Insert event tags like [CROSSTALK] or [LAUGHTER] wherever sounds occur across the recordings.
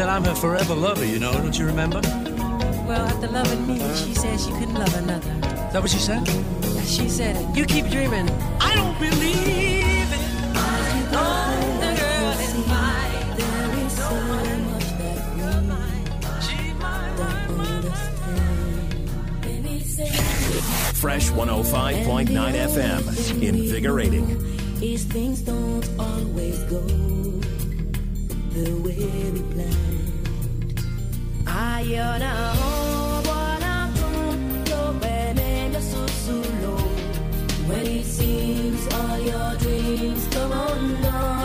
That I'm her forever lover, you know, don't you remember? Well, after loving me, she said she couldn't love another. Is that what she said? She said it. You keep dreaming. I don't believe it. I know the girl in my There is so much that we might Fresh 105.9 FM, invigorating. These things don't always go the way we planned. When it seems all your dreams come on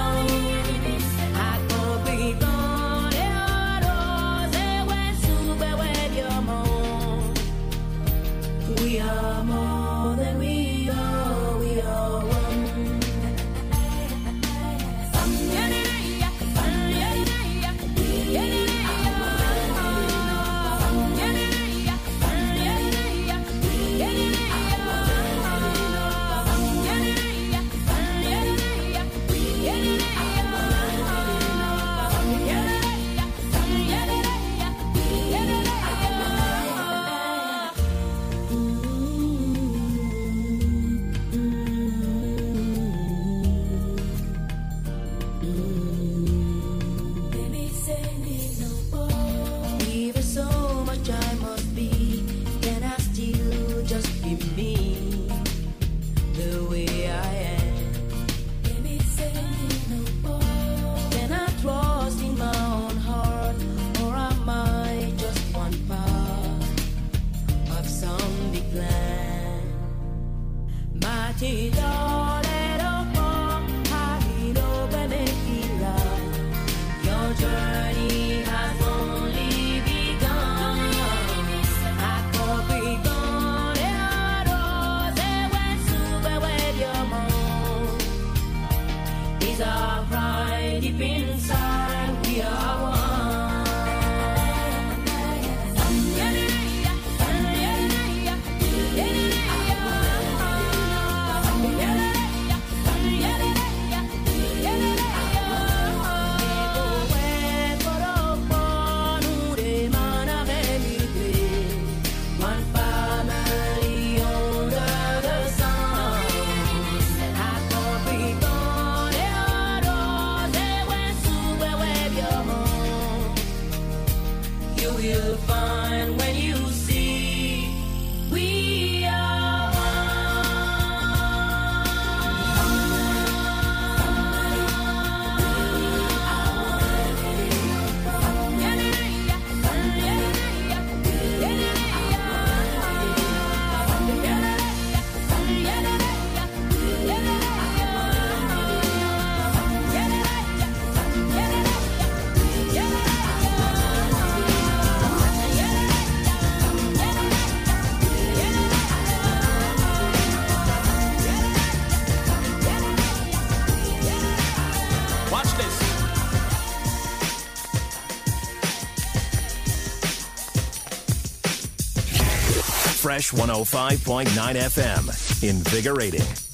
105.9 FM. Invigorating.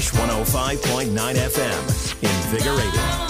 105.9 FM. Invigorating.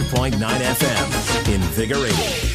105.9 FM. Invigorating.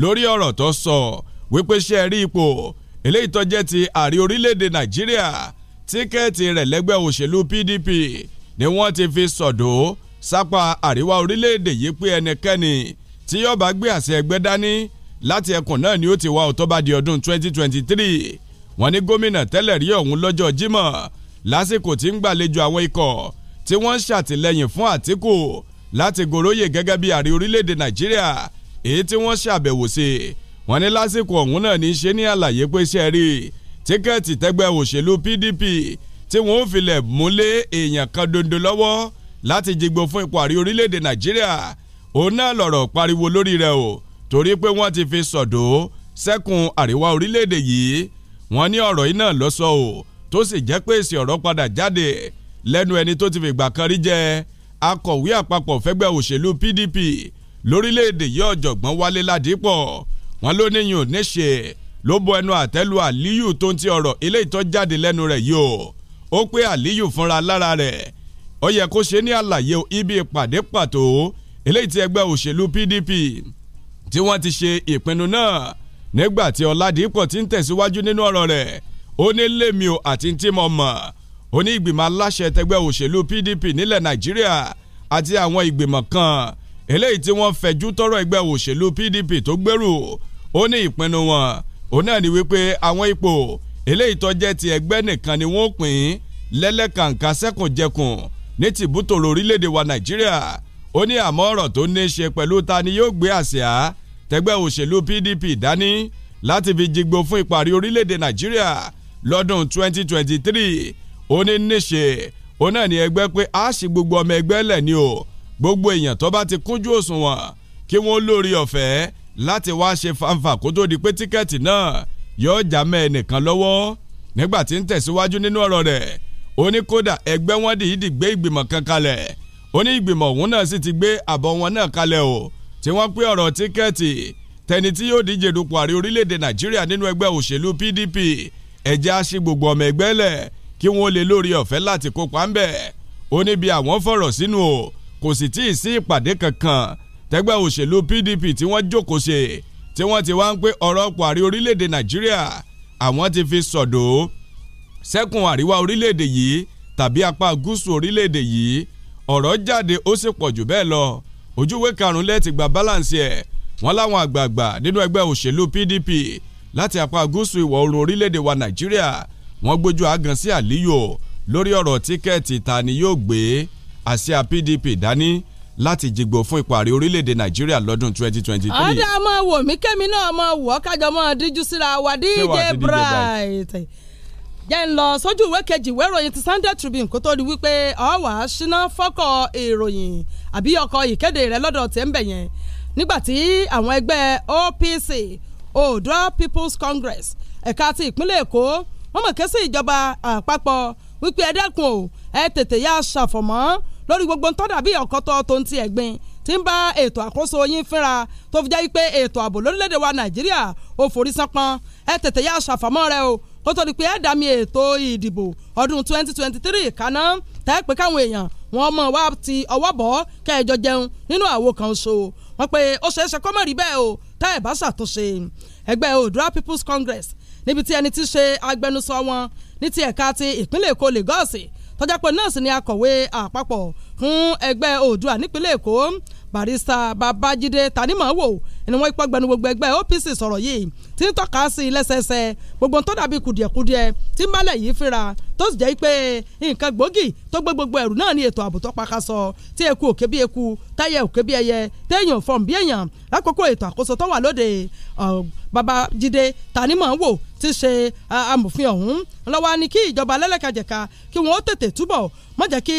lórí ọ̀rọ̀ tó sọ wípé ṣe rí ipò eléyìí tó jẹ́ ti ààrẹ orílẹ̀-èdè nàìjíríà tíkẹ́ẹ̀tì rẹ̀ lẹ́gbẹ́ òṣèlú PDP ni wọ́n ti fi sọ̀dọ̀ sápá àríwá orílẹ̀-èdè yìí pé ẹnikẹ́ni tí yóò bá gbé àṣẹ ẹgbẹ́ dání láti ẹkùn náà ni ó ti wá ọ̀tọ́ di ọdún 2023 wọ́n ní gómìnà tẹ́lẹ̀ rí ọ̀hún lọ́jọ́ Jímọ̀ lásìkò tí ń gbàlejò àwọn ikọ̀ tí wọ́n ń ṣàtìlẹ́yìn fún Àtíkù láti gòròyè gẹ́gẹ́ bí ààrẹ orílẹ̀-èdè Nàìjíríà èyí tí wọ́n ṣàbẹ̀wò sí wọ́n ní lásìkò ọ̀hún náà ní ṣe ní àlàyé pé ṣe rí tíkẹ́ẹ̀tì tẹ́gbẹ́ òṣèlú PDP tí wọ́n ò filẹ̀ múlé èèyàn kan dondo lọ́wọ́ láti jígbó fún ipò àrí orílẹ̀-èdè Nàìjíríà òun náà lọ̀rọ̀ pariwo lórí rẹ̀ o torí pé wọ́n ti fi sọ̀dọ̀ sẹ́kùn àríwá orílẹ̀-èdè yìí wọ́n ní ọ̀rọ̀ yìí náà ló sọ o tó sì jẹ́ pé èsì ọ̀rọ̀ padà jáde lẹ́nu ẹni tó ti fìgbà kan rí jẹ́ akọ̀wé àpapọ̀ fẹ́gbẹ́ òṣèlú PDP lórílẹ̀‐èdè yìí ọ̀jọ̀gbọ́n Wálé Ládìpọ̀ wọn ló níyìn ò ní ṣe ló bo ẹnu àtẹ́lu Aliyu tó ń ti ọ̀rọ̀ ilé ìtọ́ jáde lẹ́nu rẹ̀ yìí o ó pé Aliyu fúnra lára rẹ̀ ó yẹ kó ṣe ní àlàyé ibi ìpàdé pàtó eléyìí tí ẹgbẹ́ òṣèlú PDP tí wọ́n ti ṣe ìpinnu náà nígbà tí Ọládìpọ̀ ti ń tẹ̀síwájú nínú ọ̀rọ̀ rẹ̀ ó ní lèmi o àti tí mo mọ̀ ó ní ìgbìmọ̀ aláṣẹ tẹgbẹ́ òṣèlú PDP nílẹ̀ Nàìjíríà àti àwọn ìgbìmọ̀ kan eléyìí tí wọ́n fẹ̀jú tọrọ ẹgbẹ́ òṣèlú PDP tó gbèrú ó ní ìpinnu wọn òun náà ni wípé àwọn ipò eléyìí tó jẹ́ ti ẹgbẹ́ nìkan ni wọ́n pín lẹ́lẹ́kàǹkà sẹ́kùnjẹkùn ní tìbútò lórílẹ̀‐èdè wa Nàìjíríà ó ní àmọ́ ọ̀rọ̀ tó ní í ṣe pẹ̀lú ta ni yóò gbé àsíá tẹgbẹ́ òṣèlú PDP dání láti fi jigbó fún ìparí orílẹ̀‐èdè Nàìjíríà lọ́dún 2023 ó ní níṣe ó náà ní ẹgbẹ́ pé a gbogbo ọmọ ẹgbẹ́ lẹ̀ ni o gbogbo èèyàn tó bá ti kúnjú òṣùwọ̀n kí wọ́n lórí ọ̀fẹ́ láti wá ṣe fanfa kó tó di pé tíkẹ́ẹ̀tì náà yóò já mẹ́ ẹnìkan lọ́wọ́ nígbà tí ń tẹ̀síwájú nínú ọ̀rọ̀ rẹ̀ ó ní kódà ẹgbẹ́ wọn dìídì gbé ìgbìmọ̀ kan kalẹ̀ ó ní ìgbìmọ̀ ọ̀hún náà sì ti gbé àbọ̀ wọn náà kalẹ̀ o tí wọ́n pé ọ̀rọ̀ tíkẹ́ẹ̀tì tẹni tí yóò díje dupò àrí orílẹ̀-èdè nàìjíríà nínú ẹgbẹ́ òṣèlú PDP ẹ̀jẹ̀ á ṣe gbogbo ọmọ ẹgbẹ́ lẹ̀ kí wọ́n lè lórí ọ̀fẹ́ láti kópa ńbẹ̀ ó ní bí àwọn fọ̀rọ̀ sínú o kò sì tí ì sí ìpàdé kankan tẹ́gbẹ́ òṣèlú PDP tí wọ́n jókòó ṣe tí wọ́n ti wá ń pé ọ̀rọ̀ ọkọ̀ àrí orílẹ̀-èdè Nàìjíríà àwọn ti fi sọ̀dọ̀ sẹ́kùn àríwá orílẹ̀-èdè yìí tàbí apá gúúsù orílẹ̀-èdè yìí ọ̀rọ̀ jáde ó sì pọ̀ jù bẹ́ẹ̀ lọ ojúwe karùn-ún lẹ́ẹ̀tì gba balance ẹ̀ wọ́n láwọn àgbààgbà nínú ẹgbẹ́ òṣèlú PDP láti apá gúúsù ìwọ̀ oòrùn orílẹ̀-èdè wa Nàìjíríà wọ́n gbójú àgàn sí àlíyò lórí ọ̀rọ̀ tíkẹ́ẹ̀tì ta ni yóò gbé àsíá PDP dání láti jìgbò fún ipò ààrẹ orílẹ̀-èdè nàìjíríà lọ́dún 2023. ọ̀dà ọmọ wò mí kẹ́mi náà mọ̀ wọ́ kájọ mọ́ díjú síra wa DJ Bright jẹ́ ń lọ sójú ìwé kejì ìwé ìròyìn ti Sunday Tribune kó tó di wípé ọ̀wà ṣínà fọ́kọ̀ ìròyìn àbí ọkọ̀ ìkéde rẹ̀ lọ́dọ̀ tẹ̀ ń bẹ̀ yẹn nígbàtí àwọn ẹgbẹ́ OPC Oodua People's Congress ẹ̀ka ti ìpínlẹ̀ Èkó wọ́n mọ̀ ké sí ìjọba àpapọ̀ wípé ẹ dẹ́kun ẹ tètè yá ṣàfọ̀mọ́ lórí gbogbo ń tọ́dà bí ọ̀kọ́tọ̀ tó ń ti ẹ̀gbin tí ń bá ètò àkóso yín fínra tó fi jẹ́ pé ètò ààbò lórílẹ̀‐èdè wa nàìjíríà ó forí sánpọ́n ẹ tètè yá ṣàfọ̀mọ́ rẹ o kó tó di pé ẹ dàmí ètò ìdìbò ọdún 2023 kaná tẹ́ pé káwọn èèyàn wọn mọ̀ wá ti ọwọ́ bọ̀ kẹjọ jẹun nínú àwo kan so wọn pe ó ṣeé ṣe kó má rí bẹ́ẹ̀ o tá ẹ̀ bá ṣàtúnṣe ẹgbẹ́ Odua People's Congress níbi tí ẹni tí ṣe agbẹnusọ wọn ní ti ẹ̀ka ti ìpínlẹ̀ Èkó Lagos tọ́jà pé nọ́ọ̀sì ni akọ̀wé àpapọ̀ fún ẹgbẹ́ Oòduà nípínlẹ̀ Èkó Barrister Babájídé Tanimọ̀wò ni wọ́n ipá gbẹnu gbogbo ẹgbẹ́ OPC sọ̀rọ̀ yìí tí ń tọ́ka sí i lẹ́sẹẹsẹ gbogbo tó dàbí kùdìẹ̀kudiẹ tí ń bálẹ̀ yìí fínra tó sì jẹ́ pé nǹkan gbòógì tó gbé gbogbo ẹ̀rù náà ní ètò ààbò tó pakasọ tí eku òkè bí eku táyà òkè bí ẹyẹ téèyàn fọ̀n bí èèyàn lákòókò ètò àkóso tó wà lóde Babájídé Tanimọ̀wò ti ṣe amòfin ọ̀hún lọ́wọ́ ni kí ìjọba lẹ́lẹ́kajẹ̀ka kí wọ́n tètè túbọ̀ má jẹ́ kí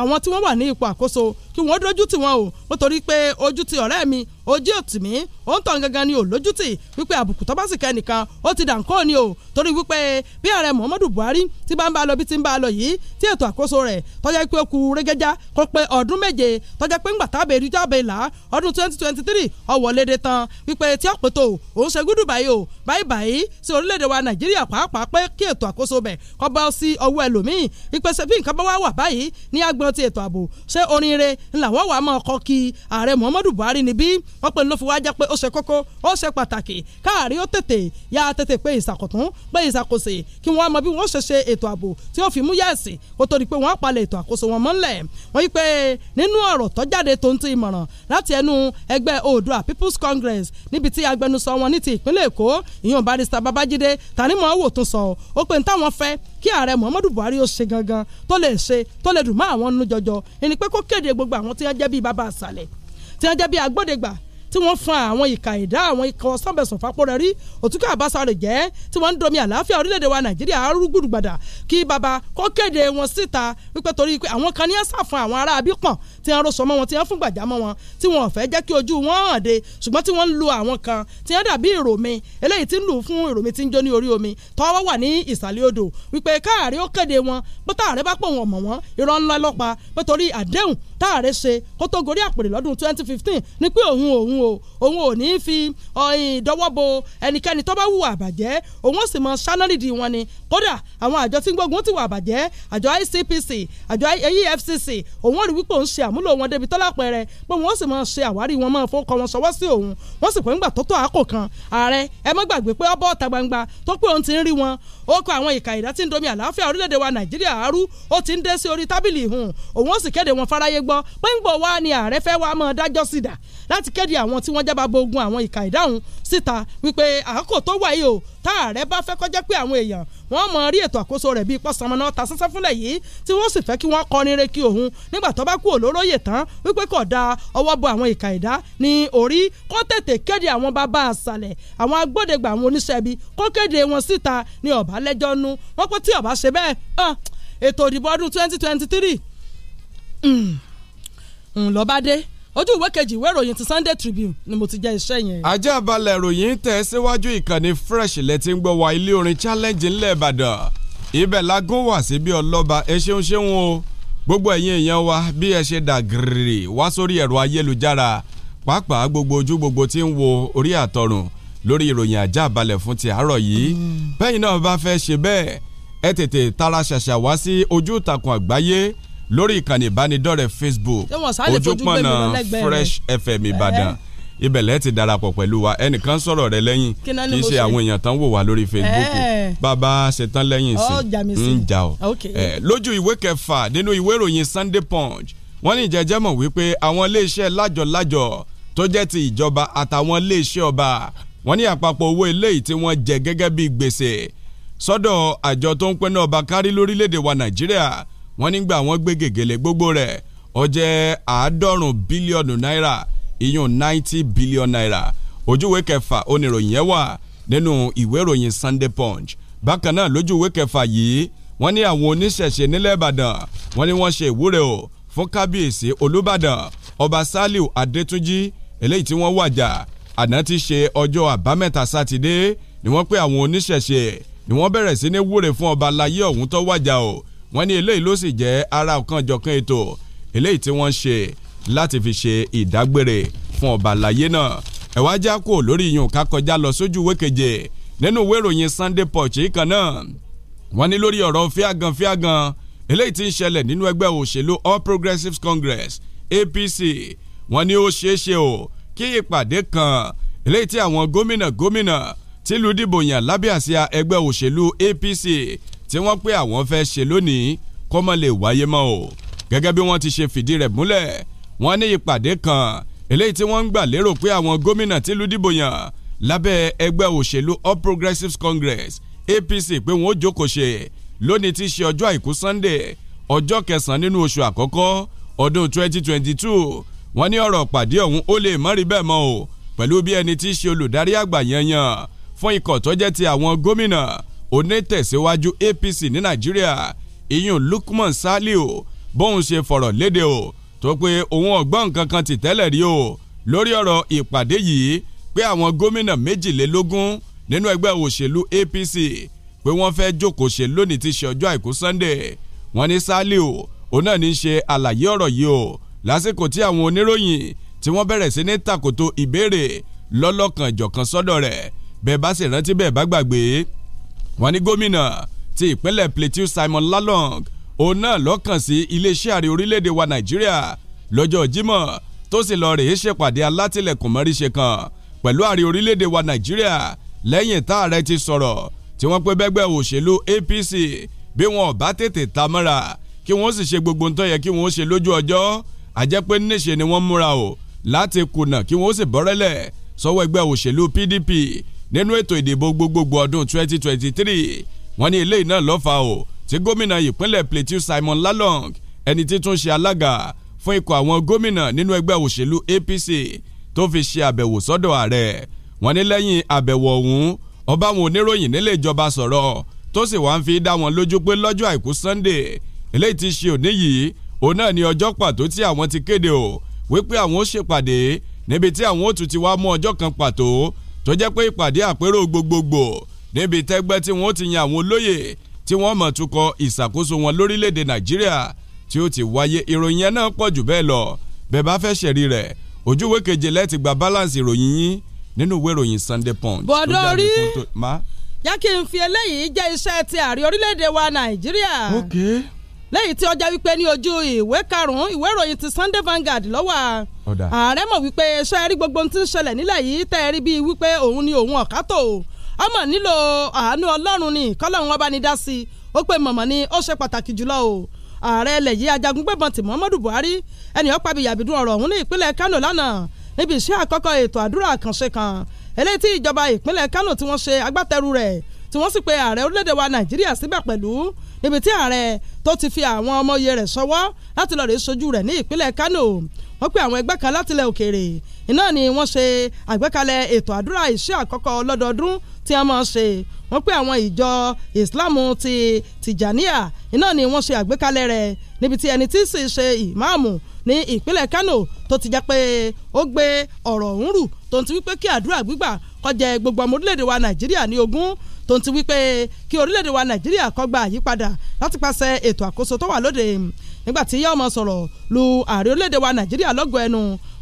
àwọn tí wọ́n wà ní ipò àkóso kí wọ́n dójú tì wọ́n o nítorí pé ojú ti ọ̀rẹ́ mi ojú òtì mí ó ń tàn gangan ni ò lójútì wípé àbùkù tó bá sì kẹ́nìkan ó ti dànkọ́ ni o torí wípé bí ààrẹ Muhammadu Buhari ti bá ń bá a lọ bí ti ń bá a lọ yìí tí ètò àkóso rẹ̀ tọ́jà pé ó ku rẹ́gẹ́já kó pé ọdún méje tọ́jà pé ńgbà tábẹ̀ rí jábẹ̀ là ọdún twenty twenty three ọwọ́ léde tán wípé tí ọ̀pẹ̀ tó òun ṣe gúdù báyìí o báyìí báyìí sí orílẹ̀-èdè wa Nàìjíríà pàápàá pé kí ètò àkóso bẹ̀ kọ́ bọ́ sí ọwọ́ ẹlòmíì ìpèsè bí nǹkan bá wà wà báyìí ní agbọ̀n ti ètò ààbò ṣé orin rẹ̀ làwọn wà máa kọ́ kí ààrẹ Muhammadu Buhari níbí wọ́n pè ló fi wá jẹ́ pé ó ṣe kókó ó ṣe pàtàkì káàrí ó tètè yá tètè pé ìsàkọ̀tún pé ìsàkóso kí wọ́n mọ bí wọ́n ṣe ṣe ètò ààbò tí ó fi mú yẹ̀sì kó tó di pé wọ́n palẹ̀ ètò àkóso wọn mọ́lẹ̀ wọ́n yí pé nínú ọ̀rọ̀ tó tó ń ti ìmọ̀ràn láti ẹnu ẹgbẹ́ Oòduà People's Congress níbi tí agbẹnusọ wọn ní ti ìpínlẹ̀ Èkó ìyọ̀n barista Babájídé Tanímọ̀ wò tún sọ ó pé ní táwọn fẹ́ kí ààrẹ Muhammadu Buhari ó ṣe gangan tó lè ṣe tó lè dùn mọ́ àwọn nínú jọjọ ẹni pé kó kéde gbogbo àwọn tí wọ́n jẹ́ bíi bàbá àṣàlẹ̀ tí wọ́n jẹ́ bíi agbódegbà tí wọ́n fa àwọn ìka ìdá àwọn ikọ̀ sànbẹ̀sùn fapọ̀rẹ̀ rí òtúkọ̀ àbáṣárẹ̀ jẹ́ tí wọ́n ń domi àlàáfíà orílẹ̀-èdè wa nàìjíríà arúgbùrùgbàdà kí baba kó kéde wọn síta wípé torí pé àwọn kan ní ẹ̀ sàfún àwọn ará abí pọ̀n tí wọ́n rọ̀ṣọ̀ mọ́ wọn tí wọ́n fúngbà já mọ́ wọn tí wọ́n fẹ́ jẹ́ kí ojú wọn hàn dé ṣùgbọ́n tí wọ́n ń lu àwọn kan tí wọ́n dàbí ìròmí eléyìí tí ń lù fún ìròmí tí ń jó ní orí omi tọ́wọ́ wà ní ìsàlẹ̀ odò wípé káàrí ó kéde wọn pé táàrẹ́ bá pọ̀ wọn mọ̀ wọn irọ́ ńlá lọ́pa pé torí àdéhùn táàrẹ́ ṣe kó tó gorí àpèrè lọ́dún 2015 ni pé òun òun o òun ò ní fi ìdọ́wọ́ bo ẹnikẹ́ni tó bá hùwà àbàjẹ́ òun ó sì mọ sánálìdì wọn ni kódà àwọn àjọ tí ń ti wà àbàjẹ́ àjọ ICPC àjọ EFCC òun ò rí wípé òun ṣe àmúlò wọn débi tọ́lá pẹ̀rẹ̀ pé wọ́n sì máa ṣe àwárí wọn máa fọwọ́ kọ wọn sọwọ́ sí òun wọ́n sì pé ńgbà tó tó àkókò kan ààrẹ ẹ má gbàgbé pé ọbọ̀ ọ̀tà gbangba tó pé òun ti ń rí wọn ó kọ àwọn ìka ìdá tí ń domi àlàáfíà orílẹ̀-èdè wa nàìjíríà arú ó ti ń dé sí orí tábìlì ìhùn òun ó sì kéde wọn fáráyé gbọ́ pé ń gbọ́ wá ni ààrẹ fẹ́ wá mọ́ dájọ́ sídà láti kéde àwọn tí wọ́n jábá bogun àwọn ìka ìdáhùn síta wípé àkókò tó wáyé o tá ààrẹ bá fẹ́ kọjá pé àwọn èèyàn wọ́n mọ̀ rí ètò àkóso rẹ̀ bíi pọ́sánmọ́ná ta sánsán fúnlẹ̀ yìí tí wọ́n sì fẹ́ kí wọ́n kọrin re kí òun nígbà tó bá kú olóróyè tán wípé kò da ọwọ́ bọ àwọn ìka ìdá ní orí kó tètè kéde àwọn bàbá àṣàlẹ̀ àwọn agbódegbà àwọn oníṣẹ́bi kó kéde wọn síta ní ọ̀bá lẹ́jọ́ nu wọ́n pé tí ọba ṣe bẹ́ẹ̀ ètò ìdìbò ọdún twenty twenty three ńlọbadé hmm, ojú ìwé kejì ìwé ìròyìn ti Sunday Tribune ni mo ti jẹ iṣẹ́ yẹn. ajá balẹ̀ ìròyìn tẹ̀ síwájú ìkànnì fresh lẹ́tí ń gbọ́ wa ilé orin challenge ńlẹ̀ Ìbàdàn ibẹ̀ la gún wá sí bí ọlọ́ba ẹ ṣeun ṣeun o gbogbo ẹ̀yin èèyàn wa bí ẹ ṣe dà gírì wá sórí ẹ̀rọ ayélujára pàápàá gbogbo ojú gbogbo tí ń wo orí àtọrùn lórí ìròyìn ajá balẹ̀ fún ti àárọ̀ yìí mm. bẹ́yìn náà bá fẹ́ ṣe bẹ́ẹ̀ ẹ tètè tara ṣàṣà wá sí ojú ìtàkùn àgbáyé lórí ìkànnì ìbánidọ́rẹ̀ẹ́ Facebook ojúpọ̀nà Fresh FM Ìbàdàn ibẹ̀lẹ̀ ti darapọ̀ pẹ̀lú wa ẹnìkan sọ̀rọ̀ rẹ lẹ́yìn kì í ṣe àwọn èèyàn tán wò wá lórí Facebook bàbá ṣetán lẹ́yìn sí ń jà ọ́ lójú ìwé kẹfà nínú ìwé ìròyìn Sunday Punch wọ́n ní ìjẹ́jẹ́ mọ̀ wípé àwọn iléeṣẹ́ lájọ̀lájọ̀ tó jẹ́ ti ìjọba àtàwọn iléeṣẹ́ ọba wọ́n ní àpapọ̀ owó eléyìí tí wọ́n jẹ gẹ́gẹ́ bí gbèsè sọ́dọ̀ àjọ tó ń pẹ́ náà bá kárí lórílẹ̀‐èdè wa nàìjíríà wọ́n nígbà wọ́n gbé gègèlè gbogbo rẹ̀ ó jẹ́ àádọ́rùn bílíọ̀nù náírà iyún ninety billion naira ojúwe kẹfà oníròyìn yẹn wà nínú ìwé ìròyìn Sunday Punch bákan náà lójúwe kẹfà yìí wọ́n ní àwọn oníṣẹ̀ṣe nílẹ̀ ìbàdàn wọ́n ní wọ́n ṣe ìwúre o fún kábíyèsí olùbàdàn ọba Saliu Adétúnjì eléyìí tí wọ́n wàjà àná ti ṣe ọjọ́ àbámẹ́ta sátidé ni wọ́n pé àwọn oníṣẹ̀ṣe ni wọ́n bẹ̀rẹ̀ sí ní wúre fún ọba alayé ọ̀hún tó wàjà o wọ́n ní eléyìí ló sì jẹ́ ara ọ̀kan jọ̀kan ètò eléyìí tí wọ́n ṣe láti fi ṣe ìdágbére fún ọba alayé náà ẹ̀wá já kò lórí iyùn ká kọjá lọ sójú ìwé keje nínú ìwé ìròyìn Sunday Punch kan náà wọ́n ní lórí ọ̀rọ̀ fíagàn fíagàn eléyìí tí ń ṣẹlẹ̀ nínú ẹgbẹ́ òṣèlú All Progressives Congress APC wọ́n ní ó ṣeéṣe o kí ìpàdé kan eléyìí tí àwọn gómìnà gómìnà tìlú dìbò yàn lábẹ́ àsíá ẹgbẹ́ òṣèlú APC tí wọ́n pé àwọn fẹ́ ṣe lónìí kó má lè wáyé mọ́ o gẹ́gẹ́ bí wọ́n ti ṣe fìdí rẹ̀ múlẹ̀ wọ́n ní ìpàdé kan eléyìí tí wọ́n ń gbà lérò pé àwọn gómìnà tìlú dìbò yàn lábẹ́ ẹgbẹ́ òṣèlú All Progressives Congress APC pé wọ́n ó jókòó ṣe lónìí tí í ṣe ọjọ́ àìkú Sunday ọjọ́ kẹsàn-án nínú oṣù àkọ́kọ́ ọdún 2022 wọ́n ní ọ̀rọ̀ pàdé ọ̀hún ó lè mọ́rí bẹ́ẹ̀ mọ́ o pẹ̀lú bí ẹni tí í ṣe olùdarí àgbà yanyan fún ikọ̀ tó ti àwọn gómìnà onítẹ̀síwájú APC ní Nàìjíríà ìyún Lukman Saliu bóun ṣe fọ̀rọ̀ léde o tó pé òun ọ̀gbọ́n kankan ti tẹ́lẹ̀ rí o lórí ọ̀rọ̀ ìpàdé yìí pé àwọn gómìnà méjìlélógún nínú ẹgbẹ́ òṣèlú APC pé wọ́n fẹ́ jókòó ṣe lónìí ti ṣe ọjọ́ àìkú Sunday wọ́n ní Saliu òun náà ní ṣe àlàyé ọ̀rọ̀ yìí o lásìkò tí àwọn oníròyìn tí wọ́n bẹ̀rẹ̀ sí ní tàkòtò ìbéèrè lọ́lọ́kanjọ̀kan sọ́dọ̀ rẹ̀ bẹ́ẹ̀ bá sì rántí bẹ́ẹ̀ bá gbàgbé wọ́n ní gómìnà ti ìpínlẹ̀ Plateau Simon Lalong òun náà lọ́kàn sí iléeṣẹ́ ààrẹ orílẹ̀-èdè wa Nàìjíríà lọ́jọ́ Jímọ̀ tó sì lọ rèé ṣèpàdé alátìlẹ̀kùn mọ́ríṣe kan pẹ̀lú ààrẹ orílẹ̀-èdè wa Nàìjíríà lẹ́yìn tá ààrẹ ti sọ̀rọ̀ tí wọ́n pé bẹ́gbẹ́ òṣèlú APC bí wọn ò bá tètè ta mọ́ra kí wọ́n sì ṣe gbogbo ń tó yẹ kí wọ́n ṣe lójú ọjọ́ àjẹpẹ́ níṣe ni wọ́n múra o láti kùnà kí wọ́n sì bọ́rẹ́lẹ̀ sọ́wọ́ ẹgbẹ́ òṣèlú PDP nínú ètò ìdìbò gbogbogbò ọdún 2023 wọ́n ní eléyìí náà lọ́fà o tí gómìnà ìpínlẹ̀ Plateau Simon Lalong ẹni títún ṣe alága fún ikọ̀ àwọn gómìnà nínú ẹgbẹ́ òṣèlú APC tó fi ṣe àbẹ̀wò sọ́dọ̀ ààrẹ wọ́n ní lẹ́yìn àbẹ̀wò ọ̀hún ọba àwọn oníròyìn nílé ìjọba sọ̀rọ̀ tó sì wá ń fi dá wọn lójú pé lọ́jọ́ àìkú Sunday eléyìí ti ṣe òní yìí òun náà ni ọjọ́ pàtó tí àwọn ti kéde o wípé àwọn ó ṣèpàdé níbi tí àwọn ó tún ti wá mú ọjọ́ kan pàtó tó jẹ́ pé ìpàdé àpérò gbogbogbò níbi tẹ́gbẹ́ tí wọ́n ti yan àwọn olóyè tí wọ́n mọ̀ tukọ̀ ìṣàkóso wọn lórílẹ̀‐èdè nàìjíríà tí ó ti wáyé ìròyìn yẹn náà pọ̀ jù bẹ́ẹ̀ lọ bẹ́ẹ̀ bá fẹ́ ṣẹ̀rí rẹ̀ ojúwe keje lẹ́ẹ̀tì gba balance ìròyìn yín nínú ìwé ìròyìn Sunday Punch. bọ́dọ̀ rí yá kí n fi eléyìí jẹ́ iṣẹ́ ti ààrẹ orílẹ̀-èdè wa nàìjíríà. okay lẹ́yìn tí ó jẹ́ wípé ní ojú ìwé karùn-ún ìwé ìròyìn ti Sunday Vanguard lọ́wọ́ ààrẹ mọ̀ wípé ṣé ẹ rí gbogbo ohun tí ń ṣẹlẹ̀ nílẹ̀ yìí tẹ́ ẹ rí bíi wípé òun ni òun ọ̀kátò ọmọ nílò àánú ọlọ́run ni kọ́lọ́run ọba ni dá sí i ó pé mọ̀mọ́ ni ó ṣe pàtàkì jùlọ o ààrẹ ilẹ̀ yìí ajagungbébọn tí Muhammadu Buhari ẹni ọ̀pá bíi yàbídún ọ̀rọ̀ ọ̀hún ní ìpínlẹ̀ Kano lánàá níbi iṣẹ́ àkọ́kọ́ ètò àdúrà àkànṣe kan eléyìí tí ìjọba ìpínlẹ̀ Kano tí wọ́n ṣe agbátẹrù rẹ̀ tí wọ́n sì pe ààrẹ orílẹ̀-èdè wa Nàìjíríà síbẹ̀ pẹ̀lú níbi tí ààrẹ tó ti fi àwọn ọmọye rẹ̀ sọ́wọ́ láti lọ́ọ́ rè sojú rẹ̀ ní ìpínlẹ̀ Kano wọ́n pe àwọn ẹgbẹ́ kan látilẹ̀ òkèèrè iná ni wọ́n ṣe àgbékalẹ̀ ètò àdúrà iṣẹ́ àkọ́kọ́ lọ́dọọdún tí a máa ṣe wọ́n pe àwọn ìjọ ìsìláàmù ti tìjàníà iná ni wọ́n ṣe àgbékalẹ̀ rẹ̀ níbi tí ẹni tí sì ṣe ìmáàmù ní ìpínlẹ̀ Kano tó ti jẹ́ pé ó gbé ọ̀rọ̀ ọ̀hún rù tó ń ti wípé kí àdúrà gbígbà kó jẹ́ gbogbo ọmọ orílẹ̀-èdè wa Nàìjíríà ní ogún tó ń ti wípé kí orílẹ̀-èdè wa nàìjíríà kó gba àyípadà láti pàṣẹ ètò àkóso tó wà lóde nígbà tí yóò sọ̀rọ̀ lu ààrẹ orílẹ̀-èdè wa nàìjíríà lọ́gọ̀ ẹnu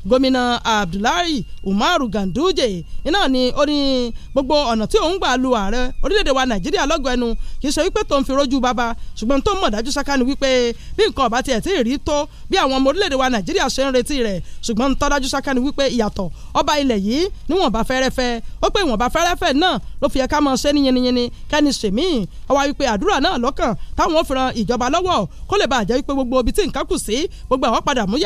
Gomina Abdullahi Umaru Ganduje iná ni ó ní gbogbo ọ̀nà tí òun gbà lu ààrẹ orílẹ̀-èdè wa Nàìjíríà lọ́gọ̀ ẹnu kì í ṣe wípé tó ń fi rojú bàbá ṣùgbọ́n tó mọ̀ dájú sáká ni wípé bí nǹkan ọ̀bá tiẹ̀ tí ì rí tó bí àwọn ọmọ orílẹ̀-èdè wa Nàìjíríà ṣe ń retí rẹ̀ ṣùgbọ́n tó dájú sáká ni wípé ìyàtọ̀ ọba ilẹ̀ yìí níwọ̀nba fẹ́rẹ́fẹ́ ó pé ìwọ̀nba fẹ́rẹ́fẹ́ náà ló fi ẹ̀ka mọ́ ṣe níyẹniyẹni kẹ́ni ṣèmí ọwọ́ wípé àdúrà náà lọ́kàn táwọn fi ìjọba lọ́wọ́ kó lè bàa wípé gbogbo ibi tí nǹkan kù sí gbogbo àwọn padà mú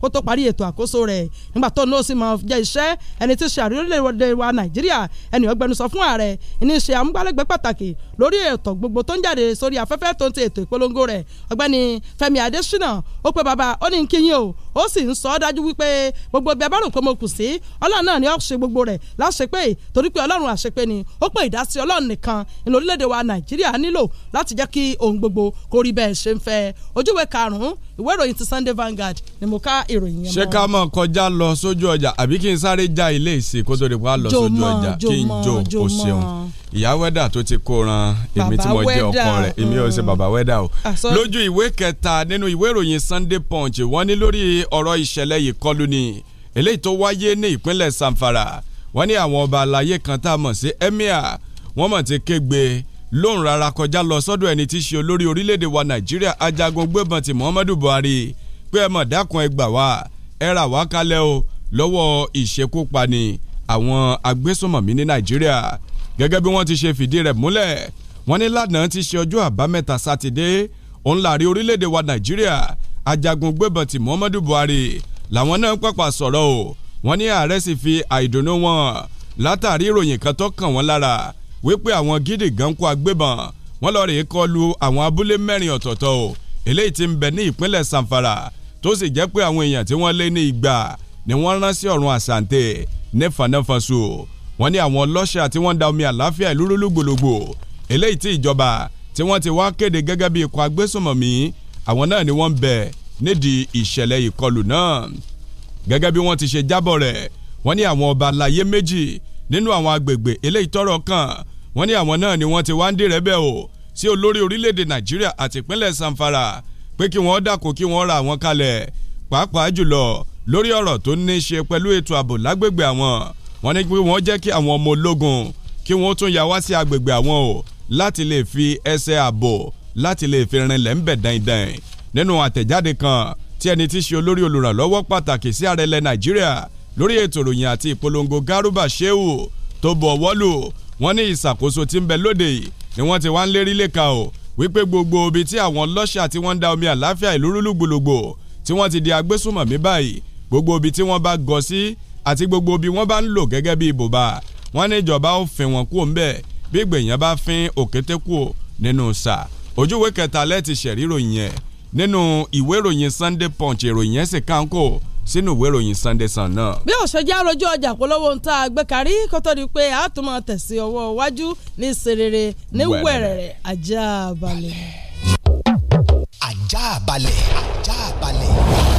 kó tó parí ètò àkóso rẹ̀ rẹ̀ nígbà tó ní ó sì máa jẹ́ iṣẹ́ ẹni tí ṣe àrílẹ̀-èdè wa nàìjíríà ẹni ọgbẹnusọ fún ààrẹ ní ṣe amúgbálẹ́gbẹ́ pàtàkì lórí ètò gbogbo tó ń jáde sórí afẹ́fẹ́ tó ń ti ètò ìpolongo rẹ̀ ọgbẹ́ni fẹ́mi adésínà ó pe bàbá ó ní kí yín o ó sì ń sọ ọ́ dájú wípé gbogbo ibi abárùn pé mo kù sí ọlọ́run náà ni ó ṣe gbogbo rẹ̀ láṣepé torí pé ọlọ́run àṣepé ni ó pé ìdásí ọlọ́run nìkan ní orílẹ̀-èdè wa nàìjíríà nílò láti jẹ́ kí ohun gbogbo kó rí bẹ́ẹ̀ ṣe ń fẹ́ ojúwe karùn-ún ìwé ìròyìn ti Sunday Vanguard ni mo ká ìròyìn yẹn mọ́. ṣé ká mọ̀ kọjá lọ sójú ọjà àbí kí n sáré já ilé ìsìn kó tó di pa lọ sójú ọjà kí n jó o ṣeun ìyá wẹ́dà tó ti kó ran èmi tí mo jẹ́ ọkọ rẹ̀ èmi ò ṣe mm. bàbá wẹ́dà o ah, lójú ìwé kẹta nínú ìwé ìròyìn Sunday Punch wọ́n ní lórí ọ̀rọ̀ ìṣẹ̀lẹ̀ ìkọlù ni eléyìí tó wáyé ní ìpínlẹ̀ Samfara wọ́n ní àwọn ọba àlàyé kan tá a mọ̀ sí emir wọ́n mọ̀ ti kégbe lóhùn rárá kọjá lọ sọ́dọ̀ ẹni tí í ṣe olórí orílẹ̀-èdè wa Nàìjíríà ajagun gbébọn ti Muhammadu Buhari pé ẹ mọ̀ dákun ẹ gbà wá ẹ rà wá kalẹ̀ o lọ́wọ́ ìṣekúpani àwọn agbésùnmọ̀mí ní Nàìjíríà gẹ́gẹ́ bí wọ́n ti ṣe fìdí rẹ̀ múlẹ̀ wọ́n ní lánàá ti ṣe ọjọ́ àbámẹ́ta sátidé òun láàrin orílẹ̀-èdè wa nàìjíríà ajagun gbébọn ti muhammadu buhari làwọn náà pàpà sọ̀rọ̀ o wọ́n ní ààrẹ sì fi àìdùnnú wọn látàrí ìròyìn kan tó kàn wọ́n lára wípé àwọn gidi gan kó agbébọn wọ́n lọ rèé kọlu àwọn abúlé mẹ́rin ọ̀tọ̀ọ̀tọ̀ o eléyìí ti ń bẹ ní ìpínlẹ̀ sanfara tó sì jẹ́ pé àwọn èèyàn tí wọ́n lé ní igba ni wọ́n rán sí ọ̀run àsàǹtẹ̀ nífànàfàṣù wọ́n ní àwọn ọlọ́ṣà tí wọ́n ń da omi àlàáfíà ìlú rúlú gbòlògbò eléyìí tí ìjọba tí wọ́n ti wá kéde gẹ́gẹ́ bí ikọ̀ agbésùnmọ̀mí àwọn náà ni wọ́n ń bẹ nídìí ìṣẹ̀lẹ̀ ìkọlù náà gẹ́gẹ́ bí wọ́n ti ṣe jábọ̀ rẹ̀ wọ́n ní àwọn ọba láyé méjì nínú àwọn agbègbè eléyìí tọ́rọ̀ kàn wọ́n ní àwọn náà ni wọ́n ti wá ń dìrẹ́bẹ̀ o sí olórí orílẹ̀-èdè nàìjíríà àti ìpínlẹ̀ sanfara pé kí wọ́n dàkó kí wọ́n ra àwọn kalẹ̀ pàápàá jùlọ lórí ọ̀rọ̀ tó ní í ṣe pẹ̀lú ètò ààbò lágbègbè àwọn wọ́n ní pé wọ́n jẹ́ kí àwọn ọmọ ológun kí wọ́n tún ya wá sí agbègbè àwọn o láti lè fi ẹsẹ̀ ààbò láti lè fi rinlẹ̀ ńbẹ̀ dandan nínú àtẹ̀jáde kan tí ẹni tí ṣe olórí olùrànlọ́wọ́ pàtàkì sí ààrẹ ilẹ̀ Nàìjíríà lórí ètò ìròyìn àti ìpolongo Garuba Shehu tó bu ọwọ́ lù wọ́n ní ìṣàkóso tí ń bẹ lóde yìí ni wọ́n ti wá ń lérí lẹ́ka o wípé gbogbo ibi tí àwọn lọ́ṣà tí wọ́n ń da omi àláfíà ìlú rúlùgbòlògbò tí wọ́n ti di agbésùmọ̀mí báyìí gbogbo ibi tí wọ́n bá gọ sí àti gbogbo bí wọ́n bá ń lò gẹ́gẹ́ bí ibùba wọ́n ní ìjọba ó fin wọn kúò ńbẹ̀ bí gbèyàn bá fin òkété kúò nínú sà ojúwe kẹta lẹ́ẹ̀tì sẹ̀rí ròyìn ẹ̀ nínú ìwé ìròyìn Sunday Punch ìròyìn ẹ̀ sì kánkó sínú ìwé ìròyìn Sunday Sun náà. bí ọ̀sẹ̀ jẹ́ ọjà polówó ń ta àgbẹ̀kárí kó tó di pé àtúmọ̀ tẹ̀sí ọwọ́ iwájú ní serere ní wẹ̀rẹ̀rẹ̀ ajá balẹ̀. ajá balẹ̀ ajá balẹ̀.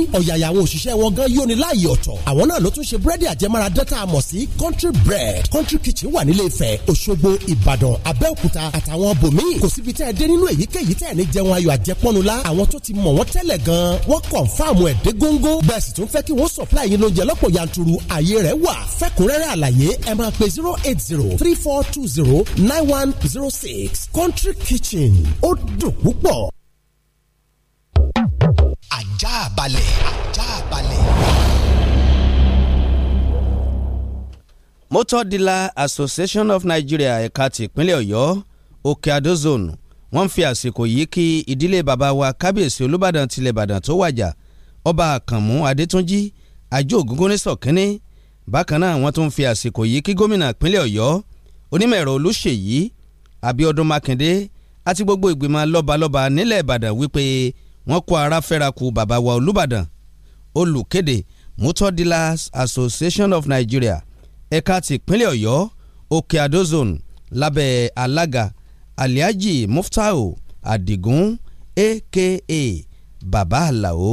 ní ọ̀yàyà àwọn òṣìṣẹ́ wọn gan yóò ní láàyè ọ̀tọ̀ àwọn náà ló tún ṣe búrẹ́dì àjẹmára dẹ́ta àmọ̀ sí country bread country kitchen wà nílé Ifẹ̀ Òṣogbo Ìbàdàn Abẹ́òkúta àtàwọn bòmíì kò síbi tẹ́ ẹ dé nínú èyíkéyìí tẹ́ ẹ ní jẹun ayọ̀ àjẹpọ́nu la àwọn tó ti mọ̀ wọ́n tẹ́lẹ̀ gan wọ́n kọ̀ǹfàmù ẹ̀ dé góńgó bẹ́ẹ̀ sì tún fẹ́ supply yín lóúnjẹ lọ́pọ̀ yanturu ààyè rẹ̀ wà fẹ́kúnrẹ́rẹ́ àlàyé ẹ zero eight zero three four two zero nine one zero six country kitchen ó ajá balẹ̀ ajá motor dealer association of nigeria ẹ̀ka ti ìpínlẹ̀ ọ̀yọ́ òkè àdó zone wọ́n fi àsìkò yìí kí ìdílé bàbá wa kábíyèsí olúbàdàn tilẹ̀ ìbàdàn tó wàjà ọba àkànmú adétúnjì àjọ ògúngún ní sọ̀kínní bákan náà wọ́n tún fi àsìkò yìí kí gómìnà ìpínlẹ̀ ọ̀yọ́ onímọ̀ ẹ̀rọ olúṣèyí abíọ́dún makinde àti gbogbo ìgbìmọ̀ lọ́balọ́ba nílẹ̀ ìbàdàn wípé wọ́n kó ara fẹ́ra ku bàbá wa Olúbàdàn olùkéde Motor Dealers Association of Nigeria ẹ̀ka tìpínlẹ̀ Ọ̀yọ́ Òkè Àdó zone lábẹ́ alága Alhaji Muftau Adigun aka Baba Alao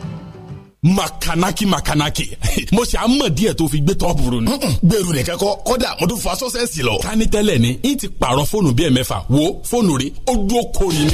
makanaki makanaki [LAUGHS] mo ṣe àmọ̀ díẹ̀ tó fi gbé tọ́pù rò ni. gbèrú nìkan kọ kọ́dà mo tún fa sọ́sẹ́sì lọ. kání tẹ́lẹ̀ ni n ti pààrọ̀ fóònù bíi ẹ̀mẹ́fà wo fóònù rẹ̀ ó dúró kori ni.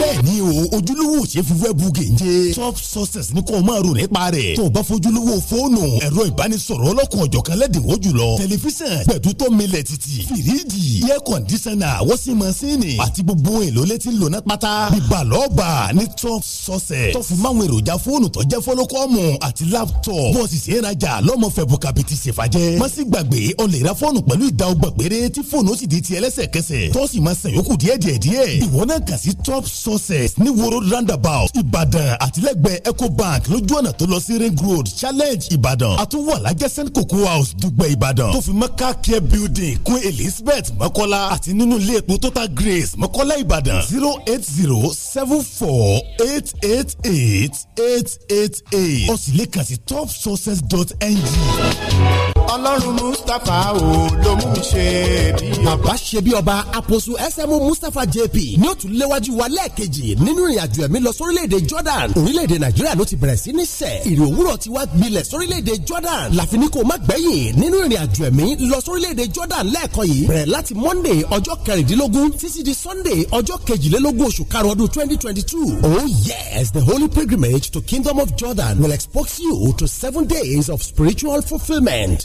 bẹ́ẹ̀ni o ojúlówó ṣe fi wẹ́ẹ̀bù gèje top success ní kò máa rò nípa rẹ̀ tó o bá fojúlówó fóònù ẹ̀rọ ìbánisọ̀rọ̀ ọlọ́kùn ọ̀jọ̀kan lẹ́dínwó jùlọ tẹlifíṣàn gbẹ̀dútọ́ milẹ̀ títì fìrídì air conditioner wọ́sí masínì àti gbogbo èlò létí lónà pátá bíbalọ́ọ̀bà success tó fi máwọn èròjà fóònù pálókọ́ọ̀mù àti láptọ̀pù bọ́ọ̀sì sì ń rajà lọ́mọ fẹ̀bù kàbìtì ṣèfàjẹ́ má sì gbàgbé o lè ra fóònù pẹ̀lú ìdá ọgbọ̀n péré tí fóònù ó sì di tiẹ̀ lẹ́sẹ̀kẹsẹ̀ tó sì máa san yòókù díẹ̀ díẹ̀ díẹ̀ ìwọ náà kà sí top sources ní woro roundabout ìbàdàn àtìlẹ́gbẹ̀ẹ́ Bank. lójú ọ̀nà tó lọ sí ring road challenge ìbàdàn àtúwọ̀ send cocoa house dùgbẹ̀ ìbàdàn tó fi mọ́ car care building kún elizabeth mọ́kọ́lá àti nínú ilé epo total grace mọ́kọ́lá ìbàdàn zero eight zero seven four eight eight eight eight eight aid o topsources.ng. ọlọ́run mustapha o ló mú mi ṣe bí ọba. bàbá ṣe bí ọba àpòsù SMO mustapha jp ní ó tún léwájú wa lẹ́ẹ̀kejì nínú ìrìnàjò ẹ̀mí lọ sórílẹ̀-èdè jordan orílẹ̀-èdè nàìjíríà ló ti bẹ̀rẹ̀ sí ní sẹ̀ ìrì òwúrọ̀ ti wá gbilẹ̀ sórílẹ̀-èdè jordan láfi ní kó má gbẹ̀yìn nínú ìrìnàjò ẹ̀mí lọ sórílẹ̀-èdè jordan lẹ́ẹ̀kan yìí bẹ̀rẹ̀ láti monday ọjọ́ kẹrìndínlógún títí di sunday ọjọ́ kejìlélógún oṣù karùn-ún ọdún twenty twenty two oh yes the holy pilgrimage to kingdom of jordan will expose you to seven days of spiritual fulfilment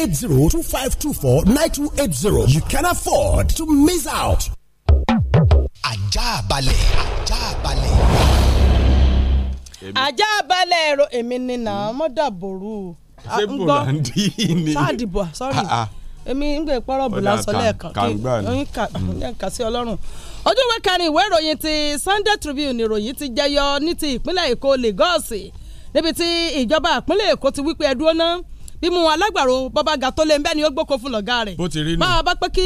eight zero two five two four nine two eight zero. You can afford to miss out. ajá balẹ̀ ajá balẹ̀. ajá balẹ̀ ẹ̀rọ èmi ni nà án mọ́ dàbòrú. ṣé ah, bòlándì ni. sáàdìbò ah, sọ́rí ah, èmi ń gbé pọ́rọ̀ bùlá sọ lẹ́ẹ̀kan kí mm. oyin kà sí ọlọ́run ojú ìwé kẹrin ìwé ìròyìn ti Sunday Tribune ìròyìn ti jẹyọ ní ti ìpínlẹ̀ Èkó Lagos níbi tí ìjọba ìpínlẹ̀ Èkó ti wípé ẹdúró náà bí mu alágbàro bọ́bá ga tó lé ń bẹ́ẹ̀ ni ó gbóko fún lọ́gá rẹ̀. bó ti rí nù. bá a bá pẹ́ kí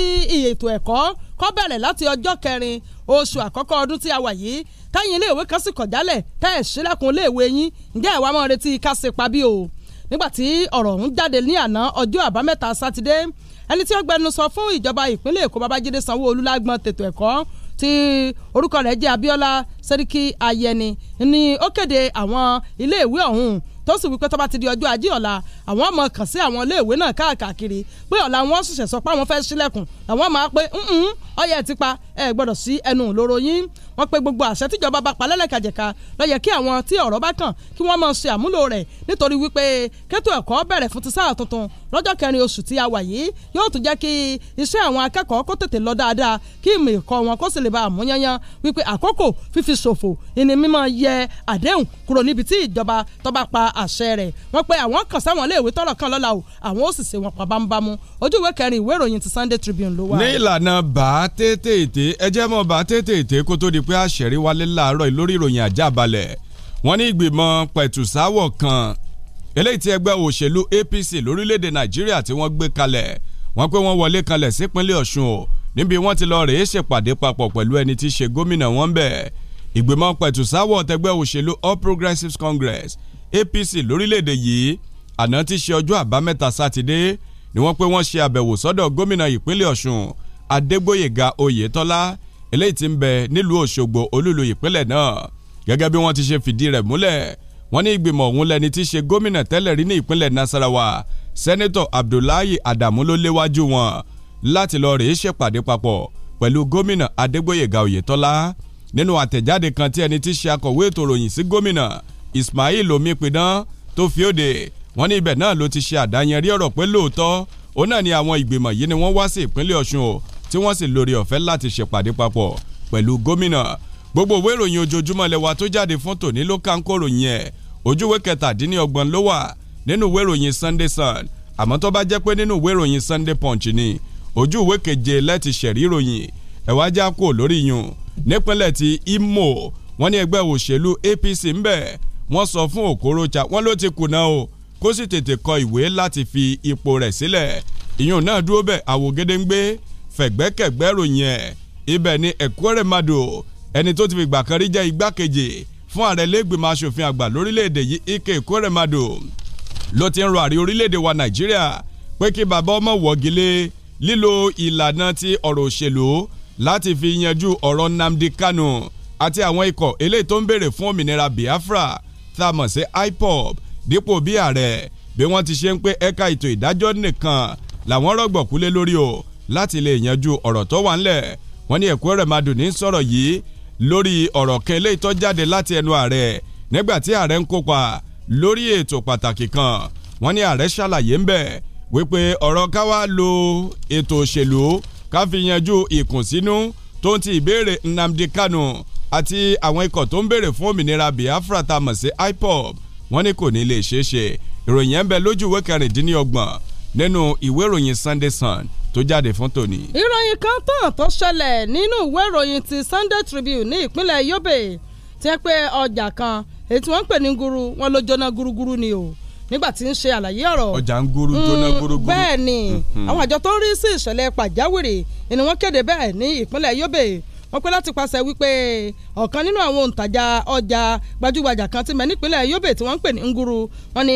ètò ẹ̀kọ́ kọ́ bẹ̀rẹ̀ láti ọjọ́ kẹrin oṣù àkọ́kọ́ ọdún tí a wà yìí táyìn iléèwé kan sì kọ̀ jálẹ̀ tẹ́ ẹ̀ sílẹ̀kùn iléèwé yín ǹjẹ́ ẹ̀ wá mọ́ retí ká ṣe pa bí o. nígbàtí ọ̀rọ̀ ọ̀hún jáde ní àná ọjọ́ àbámẹ́ta sátidé ẹni tí ó gbẹnusọ fún ìjọba ìpínlẹ̀ èkó babájídé sanwó lágbọ́n tètò ẹ̀kọ́ tí orúkọ rẹ̀ jẹ́ abíọ́lá sẹ́ríkì ayẹni ni ó kéde àwọn iléèwé ọ̀hún tó sì wípé tó bá ti di ọjọ́ ajé ọ̀la àwọn ọmọ kàn sí àwọn iléèwé náà káàkiri pé ọ̀la wọn ṣẹ̀ṣẹ̀ sọ pé àwọn fẹ́ ṣílẹ̀kùn làwọn máa pé ọyẹ ti pa ẹ gbọ́dọ̀ sí ẹnu òlóró yín wọ́n pe gbogbo àṣẹ tíjọba bá pa lẹ́lẹ́kàjẹ̀ka ló yẹ kí àwọn tí ọ̀rọ̀ bá kàn kí wọ́n máa ṣe àmúlò rẹ̀ nítorí wípé kẹ́tọ́ ẹ̀kọ́ bẹ̀rẹ̀ fún ti sáà tuntun lọ́jọ́ kẹrin oṣù tí a wà yìí yóò tún jẹ́ kí iṣẹ́ àwọn akẹ́kọ̀ọ́ kó tètè lọ dáadáa kí ìmọ̀ ẹ̀kọ́ wọn kó sì lè ba àmúyányán wípé àkókò fífi ṣòfò ìní mímọ́ yẹ àdéhùn kúrò níbi tí ìjọba tó bá pa àṣẹ rẹ̀ wọ́n pe àwọn kan sáwọn iléèwé tọ́rọ̀ kan lọ́la o àwọn ó sì ṣe wọn pa bámúbámú ojú ìwé kẹrin ìwé ìròyìn ti Sunday Tribune ló wà. ní ìlànà bá tètè ètè ẹ jẹ́ mọ́ bá tètè ètè kó tó di pé àṣẹ̀rí wálé láàárọ̀ lórí ìròyìn àjábalẹ̀ wọ́n ní ìgbìmọ̀ pẹ̀tùsáwọ̀ kan eléyìí tí ẹgbẹ́ òṣèlú APC lórílẹ̀‐èdè Nàìjíríà tí wọ́n gbé kalẹ̀ wọ́n pé wọ́n wọlé kalẹ̀ sípínlẹ̀ Ọ̀ṣun o níbi wọ́n ti lọ rèé ṣèpàdé papọ̀ pẹ̀lú ẹni tí í ṣe gómìnà wọn bẹ̀ ìgbìmọ̀ pẹ̀tùsáwọ̀ tẹgbẹ́ òṣèlú All Progressives Congress APC lórílẹ̀‐èdè yìí àná tí ṣe ọjọ́ àbámẹ́ta sátidé ni wọ́n pé wọ́n ṣe àbẹ̀wò sọ́dọ̀ gómìnà ìpínlẹ̀ Ọ̀ṣun Adégbóyèga Oyètọ́lá eléyìí tí ń bẹ nílùú Òṣogbo olúlu ìpínlẹ̀ náà gẹ́gẹ́ bí wọ́n ti ṣe fìdí rẹ̀ múlẹ̀ wọ́n ní ìgbìmọ̀ ọ̀hún lẹni tí ṣe gómìnà tẹ́lẹ̀ rí ní ìpínlẹ̀ Nasarawa sẹ́nẹ́tọ̀ Abdullahi Adamu ló léwájú wọn láti lọ rèé ṣèpàdé papọ̀ pẹ̀lú gómìnà Adégbóyèga Oyètọ́lá nínú àtẹ̀jáde kan tí ẹni tí ṣe akọ̀wé ètò ìròyìn sí gómìnà Ismail Omipidan tó fi òde wọ́n ní ibẹ̀ náà ló ti ṣe àdáyẹnrí ọ̀rọ̀ pé lóòótọ́ òun náà ni àwọn ìgbìmọ̀ yìí ni wọ́n wá sí ìpínlẹ̀ Ọ̀ṣun o tí wọ́n sì lórí ọ̀fẹ́ láti ṣèpàdé papọ̀ pẹ̀lú gómìnà gbogbo ìwé ìròyìn ojoojúmọ́ lẹ́wà tó jáde fún tòní ló ká ń kóròyìn ẹ̀ ojúwé kẹtàdínlọ́gbọ̀n ló wà nínú ìwé ìròyìn Sunday Sun àmọ́ tó bá jẹ́ pé nínú ìwé ìròyìn Sunday Punch ni ojú ìwé keje lẹ́ti ṣẹ̀rí ìròyìn ẹ̀wá já kó lórí yùn nípínlẹ̀ ti Imo wọ́n ní ẹgbẹ́ òṣèlú APC ń bẹ wọ́n sọ fún Okorocha wọ́n ló ti kùnà o kó sì tètè kọ ìwé láti fi ipò rẹ̀ sílẹ̀ ìyún náà dúró bẹ́ẹ̀ àwògedengbe fẹ̀gbẹ́kẹ̀gbẹ́ ròyìn ẹ̀ ibẹ̀ ni Ekweremadu ẹni tó ti fi gbà kan rí jẹ́ igbákejì fún ààrẹ lẹ́gbìmọ̀ asòfin àgbà lórílẹ̀‐èdè yìí Ike Ekweremadu ló ti ń rọ àrí orílẹ̀‐èdè wa Nàìjíríà pé kí bàbá ọmọ wọ̀gilé lílo ìlànà ti ọ̀rọ̀ òṣèlú láti fi yanjú ọ̀rọ̀ Nnamdi Kanu àti àwọn ikọ̀ eléyìí tó ń béèrè fún òmìnira Biafra tá a mọ̀ sí IPOB dípò bí ààrẹ bí wọ́n ti ṣe ń pé ẹ̀ka ètò ìdájọ́ nìkan làwọn rọ̀gbọ̀kú lé lórí o láti lè yanjú ọ̀rọ̀ tó wà ńlẹ̀ wọ́n ní Ẹ̀kúnrẹ́màdù ní sọ̀rọ̀ yìí lórí ọ̀rọ̀ kan eléyìí tó jáde láti ẹnu ààrẹ nígbà tí ààrẹ ń kópa lórí ètò pàtàkì kan wọ́n ní ààrẹ ṣàlàyé ńbẹ̀ wípé ọ̀rọ̀ ká wá lo ètò òṣèlú ká fi yanjú ìkùnsínú tó ń ti ìbéèrè Nnamdi Kanu àti àwọn ikọ̀ tó ń béèrè fún òmìnira Biafra tá a mọ̀ sí IPOB wọ́n ní kò ní lè ṣeé ṣe ìròyìn ẹ̀ ń bẹ lójú ìwé kẹrìndínlọ́gbọ̀n nínú ìwé ìròyìn Sunday Sun tó jáde fún tòní. ìròyìn kan tàn tó ṣẹlẹ̀ nínú ìwé ìròyìn ti Sunday Tribune ní ìpínlẹ̀ Yobe ti ẹ pé ọjà kan èyí tí wọ́n ń pè ní guru wọn ló jóná gúrúgúrú ni o nígbà tí ń ṣe àlàyé ọ̀rọ̀ ọjà ń gúrú jóná mm, gúrúgúrú bẹ́ẹ̀ ni mhm. àwọn àjọ tó ń rí sí ìṣẹ̀lẹ̀ pàjáwìrì ni wọ́n kéde bẹ́ẹ̀ ní ìpínlẹ̀ Yobe wọ́n pé láti pàṣẹ wípé ọ̀kan nínú àwọn òǹtajà ọjà gbajúgbajà kan ti mẹ́ nípínlẹ̀ Yobe tí wọ́n ń pè ní Nguru wọ́n ní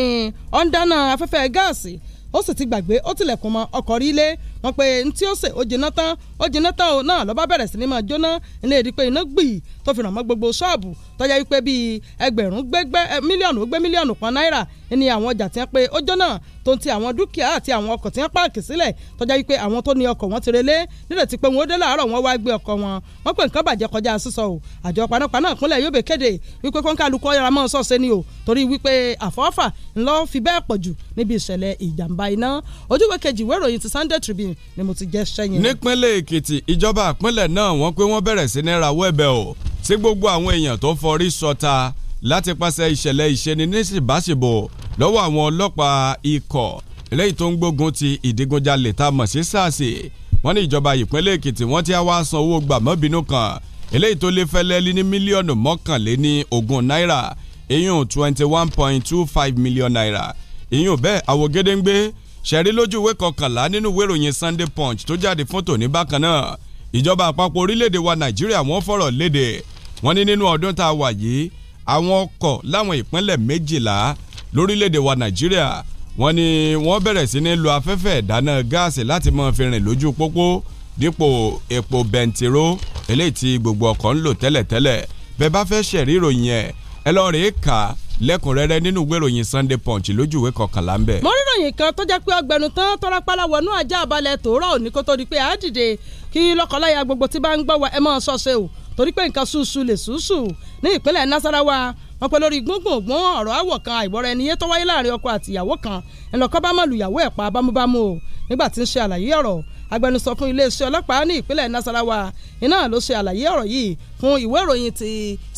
ó ń dáná afẹ́fẹ́ gáàsì ó sì ti gbàgbé ó tilẹ̀kùn mọ́ ọkọ̀ rí ilé wọ́n pe ntí ó sè ó jiná tán ó jiná tán òun náà lọ́ba bẹ̀rẹ̀ sí ni máa jóná ilé ìdí pé iná gbì tó fi ràn mọ́ gbogbo ṣọ́ọ̀bù tọ́jà wípé bíi ẹgbẹ̀rún gbẹgbẹ́ mílíọ̀nù gbé mílíọ̀nù kan náírà ni àwọn ọjà tí wọ́n pe ó jóná tó ń ti àwọn dúkìá àti àwọn ọkọ̀ tí wọ́n páàkì sílẹ̀ tọ́jà wípé àwọn tó ní ọkọ̀ wọn ti relé nírètí pé wọn ó dé láàárọ̀ wọn wá gbé ọkọ̀ wọn wọ́n pè nǹkan bàjẹ́ kọjá sísọ o àjọ panápaná ìpínlẹ̀ Yobe kéde wípé kọ́ńkálukú ọ̀yàrá mọ́ sọ́ọ̀sẹ́ ni o torí wípé àfọ́fà ńlọ fi bẹ́ẹ̀ pọ̀jù níbi ìṣẹ̀lẹ̀ ìjàmbá iná ojúwe kejì ìwé ìròyìn ti Sunday Tribune nineteen ni mo ti jẹ́ sẹ́yìn. nípínlẹ̀ èkìtì ìjọba àpínlẹ̀ náà wọ́n pé wọ́n bẹ̀rẹ̀ sí ní rawọ́ ẹ̀bẹ̀ o sí gbogbo àwọn èèyàn tó forí sọta láti pàṣẹ ìṣẹ̀lẹ̀ ìṣeni níṣìbáṣìbò lọ́wọ́ àwọn ọlọ́pàá ikọ̀ eléyìí tó ń gbógun ti ìdígunjalè tá a mọ̀ sí SARS wọ́n ní ìjọba ìpínlẹ̀ èkìtì wọ́n ti wá san owó gbàmọ́bínú kan eléyìí tó lé fẹ́lẹ́ lé ní mílíọ̀nù mọ́kànléní ogún náírà ìyún twenty one point two five million naira ìyún bẹ́ẹ̀ àwògedengbe ṣẹ̀rí lójú ìwé kọkànlá nínú ìwé ìròyìn Sunday Punch tó jáde fún tòní bákan náà ìjọba àpapọ̀ orílẹ̀-èdè wa Nàìjíríà wọ́n fọ̀rọ̀ léde wọ́n ní nínú ọdún tá a wà yìí àwọn ọkọ̀ láwọn ìpínlẹ̀ méjìlá lórílẹ̀-èdè wa Nàìjíríà wọ́n ní wọ́n bẹ̀rẹ̀ sí ní lo afẹ́fẹ́ ìdáná gáàsì láti máa fi rìn lójú pópó dípò epo bẹntiró eléyìí tí gbogbo ọkọ̀ ń lò tẹ́lẹ̀tẹ́lẹ̀ bẹ́ẹ̀ bá fẹ́ ṣẹ̀rí ìròyìn ẹ̀ ẹ lọ́ọ́ rèé kà lẹ́kùnrẹ́rẹ́ nínú ìwé ìròyìn Sunday Punch lójú ìwé kọkànlá ń bẹ̀. mo rí oníròyìn kan tó jẹ́ pé ọgbẹ̀nu tán tọ́rápálá wọnú ajá àbálẹ̀ tòórọ́ òní kó tó di pé a dìde kí lọ́kọ̀láyà gbogbo tí bá ń gbọ́ wa ẹ máa ṣọ́ṣe o torí pé nǹkan ṣùṣù lè ṣùṣù ní ìpínlẹ̀ Nasarawa wọn pẹ́ lórí gbóngbóngbón ọ̀rọ̀ àwọ̀ kan àìbọ̀ra ẹni yé tó wáyé láàrin ọkọ àti ìyàwó kan ẹnìkan bá má ẹ̀ pa bámúbámú o nígbà tí ń ṣe àlàyé ọ̀rọ̀ agbẹnusọ fún iléeṣẹ́ ọlọ́pàá ní ìpínlẹ̀ Nasarawa iná ló ṣe àlàyé ọ̀rọ̀ yìí fún ìwé ìròyìn ti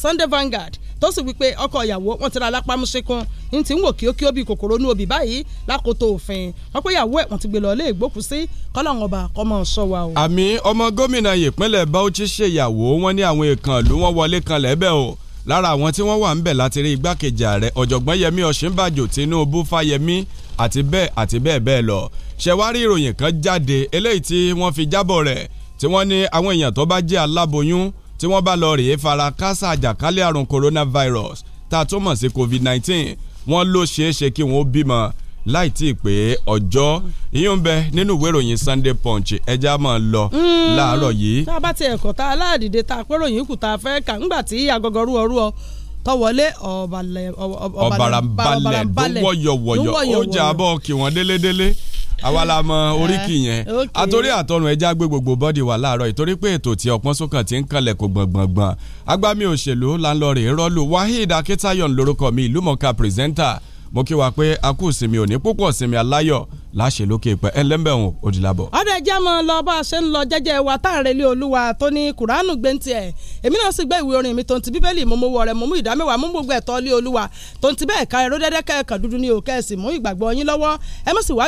Sunday Vanguard tó sì wípé ọkọ ìyàwó wọn ti ra alápámúṣekún ní ti ń wò kíókíó bíi kòkòrò ní obì báyìí lákòótó òfin wọn pé ìyàwó ẹ̀ wọ́n ti gbé lọ ilé ìgbókùsí kọ́lọ́hún ọba kọ́mọ sọ wa o. àmì ọmọ gómìnà ìpínlẹ̀ Bauchi ṣèyàwó wọn ní àwọn èèkàn wọn wọlé kan lẹ́bẹ̀ o lára àwọn tí wọ́n wà ń bẹ̀ láti rí igbákejì ààrẹ ọ̀jọ̀gbọ́n Yẹmí Ọ̀ṣínbàjò Tinubu Fáyẹmí àti bẹ́ẹ̀ àti bẹ́ẹ̀ bẹ́ẹ̀ lọ ṣẹ̀wárí ìròyìn kan jáde eléyìí tí wọ́n fi jábọ̀ rẹ̀ tí wọ́n ní àwọn èèyàn tó bá jẹ́ aláboyún tí wọ́n bá lọ rèé fara kásá àjàkálẹ̀ àrùn coronavirus tá a tún mọ̀ sí covid-19 wọ́n ló ṣeéṣe kí wọ́n bímọ láì tí ì pé ọjọ́ ìyún bẹ nínú ìwé Sunday Punch ẹja máa lọ hmm. láàárọ̀ yìí. tá a bá ti ẹ̀kọ́ tá a láàdìde tá a pérò yìí kù tá a fẹ́ kà ńgbà tí agọgọ rú ọrú ọ tọwọlé ọbarambalẹ ló wọyọwọyọ ó jà bọ kí wọn délédélé àwa la mọ oríkì yẹn [LAUGHS] àtòrí àtọrùn ẹja gbé gbogbo bọ́dì wà láàárọ̀ ìtorí pé ètò tí ọpọ́n sókàn ti ń kanlẹ̀ kò gbọ̀ngbọ̀ngbọ̀n agbami òṣèlú láńlọ́ọ̀rì rọ́lù Waheed Akitayon lorúkọ mi ìlúmọ̀ọ́ká pírẹsẹ́ńtà mo kí wa pé a kú ìsinmi òní púpọ̀ ìsinmi aláyọ̀ láṣẹ lókè pẹ́ ẹ lẹ́mbẹ̀ òun ò di labọ̀. ọ̀dọ̀ ẹja mọ lọ bá a ṣe ń lọ jẹ́jẹ́ wa tá à ń relé olúwa tó ní kuranu gbé ń tiẹ̀ èmi náà sì gbé ìwé orin mi tó ń ti bíbélì mo mú wọ rẹ mo mú ìdá mú gbogbo ẹ̀tọ́ lé olúwa tó ń ti bẹ́ẹ̀ ka ẹ̀rọ dẹ́dẹ́ kẹ́ẹ̀kan dúdú ní òkè ẹ̀sìn mú ìgbàgbọ́ yín lọ́wọ́ ẹ mọ̀ sí wá